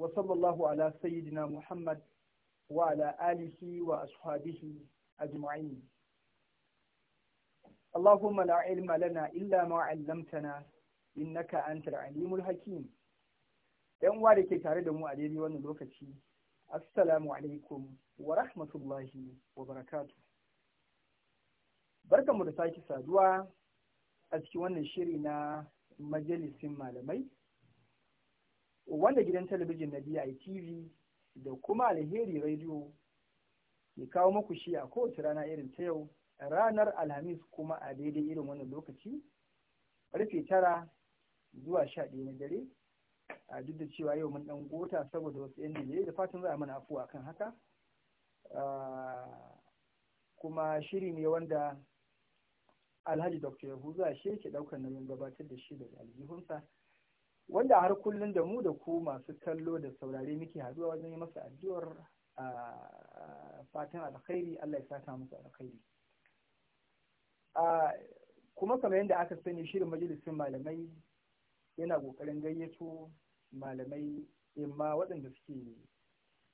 wa sallallahu ala sayyidina Muhammad wa ala alihi wa ashabihi ajma'in اللهم لا علم لنا إلا ما علمتنا إنك أنت العليم الحكيم ‘Yan uwa da ke tare da mu a daidai wannan lokaci, Assalamu alaikum wa rahmatullahi wa barakatu. Barkanmu da sake saduwa a cikin wannan shiri na majalisin malamai wanda gidan talabijin na BITV da kuma alheri radio ke kawo maku shi a kowace rana irin ta yau ranar alhamis kuma a daidai irin wannan lokaci karfe tara zuwa sha ɗaya na dare a duk da cewa yau mun ɗan gota saboda wasu yan dalilai da fatan za a mana afuwa kan haka kuma shiri ne wanda alhaji dr yahuza shi ke ɗaukar nauyin gabatar da shi daga aljihunsa wanda har kullum da mu da ku masu kallo da saurare muke haduwa wajen yi masa addu'ar fatan alkhairi Allah ya saka musu alkhairi kuma kamar yadda aka sani shirin majalisin malamai yana kokarin gayyato malamai imma waɗanda suke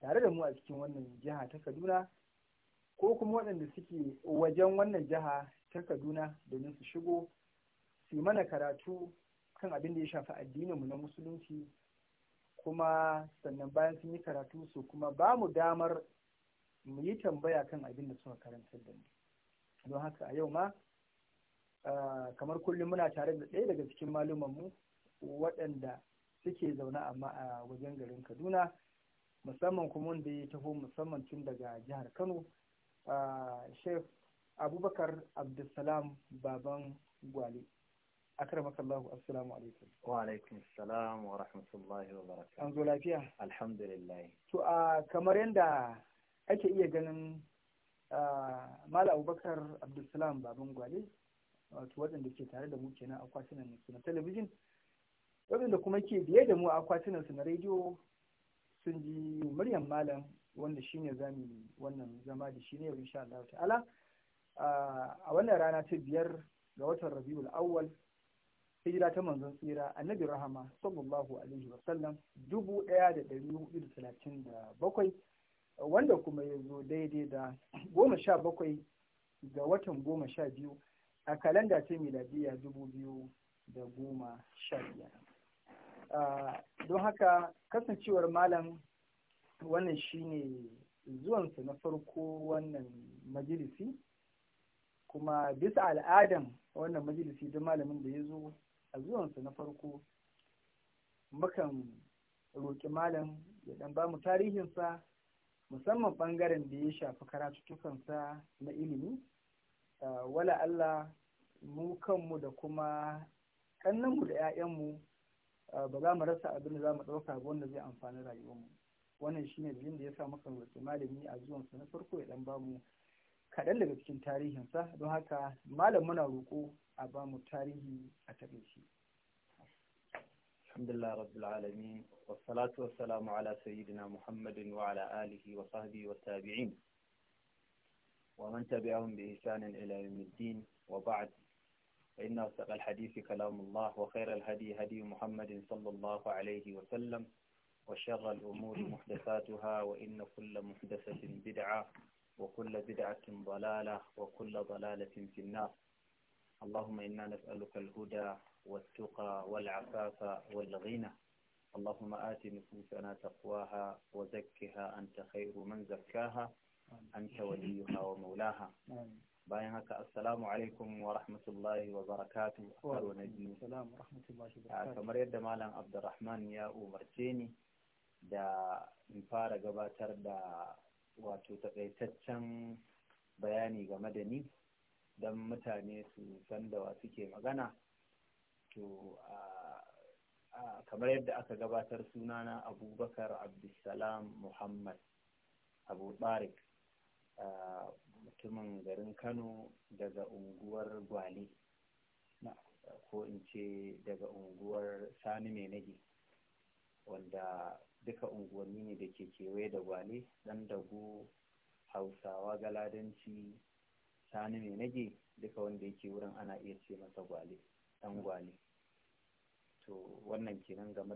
tare da mu a cikin wannan jiha ta Kaduna ko kuma waɗanda suke wajen wannan jiha ta Kaduna domin su shigo su mana karatu kan abin da ya shafi mu na musulunci kuma sannan bayan sun yi karatu su kuma ba mu damar mu yi tambaya kan abin da suka karanta da mu don haka a yau ma kamar kullum muna tare da ɗaya daga cikin mu waɗanda suke zaune amma a wajen garin kaduna musamman kuma wanda ya taho musamman tun daga jihar kano shef abubakar abdulsalam baban gwale akramaka Allah assalamu alaikum wa alaikum salam wa rahmatullahi wa barakatuh an zo lafiya alhamdulillah to a kamar yanda ake iya ganin Mala Abubakar Abdulsalam Baban Gwale wato ke tare da mu kenan akwatunan su na talabijin waɗanda kuma ke biye da mu akwatunan su na rediyo sun ji muryan malam wanda shine zamu wannan zama da shi ne insha ta'ala a wannan rana ta biyar ga watan Rabiul Awwal hijira ta manzon tsira annabi rahama sallallahu alaihi sallam dubu ɗaya da ɗari hudu da talatin da bakwai wanda kuma ya zo daidai da goma sha bakwai ga watan goma sha biyu a kalanda ta miladiya dubu biyu da goma sha biyar don haka kasancewar malam wannan shine zuwansa na farko wannan majalisi kuma bisa al'adan wannan majalisi don malamin da ya zo a zuwansa na farko mukan roƙi malam ya dan ba mu tarihinsa musamman ɓangaren da ya shafi karatutukansa na ilimi wala Allah mu kanmu da kuma mu da 'ya'yanmu ba za mu rasa abin da za mu ɗauka ba wanda zai amfani rayuwarmu wannan shine dalilin da ya sa muka roƙi malami a zuwansa na farko ya dan ba mu kaɗan daga cikin tarihinsa don haka malam muna roƙo a ba tarihi a taɓin shi. Alhamdulillah Rabbul wa salatu wa salamu ala sayyidina Muhammadin wa ala alihi wa sahbi wa tabi'in. Wa man tabi'ahum bi ihsanin ila yawmiddin wa ba'd. Wa inna saqal hadisi kalamullah wa khair hadi hadi Muhammadin sallallahu alayhi wa sallam. Wa sharra al umuri muhdathatuha wa inna kulla muhdathatin bid'a wa kulla bid'atin dalala wa kulla dalalatin fi اللهم إنا نسألك الهدى والتقى والعفاف والغنى اللهم آت نفوسنا تقواها وزكها أنت خير من زكاها أنت وليها ومولاها bayan haka assalamu alaikum wa rahmatullahi wa barakatu ah, kamar yadda malam abdurrahman ya umarce ni da in fara gabatar da wato takaitaccen bayani game da ni don mutane su san da wa suke magana to kamar yadda aka gabatar sunana abubakar abdulsalam muhammad abu barik mutumin garin kano daga unguwar gwale ko in ce daga unguwar sani mai wanda duka unguwanni ne da ke kewaye da gwale dan dago hausawa galadanci sani mai nage duka wanda yake wurin ana iya ce masa gwale ɗan gwale to wannan kenan game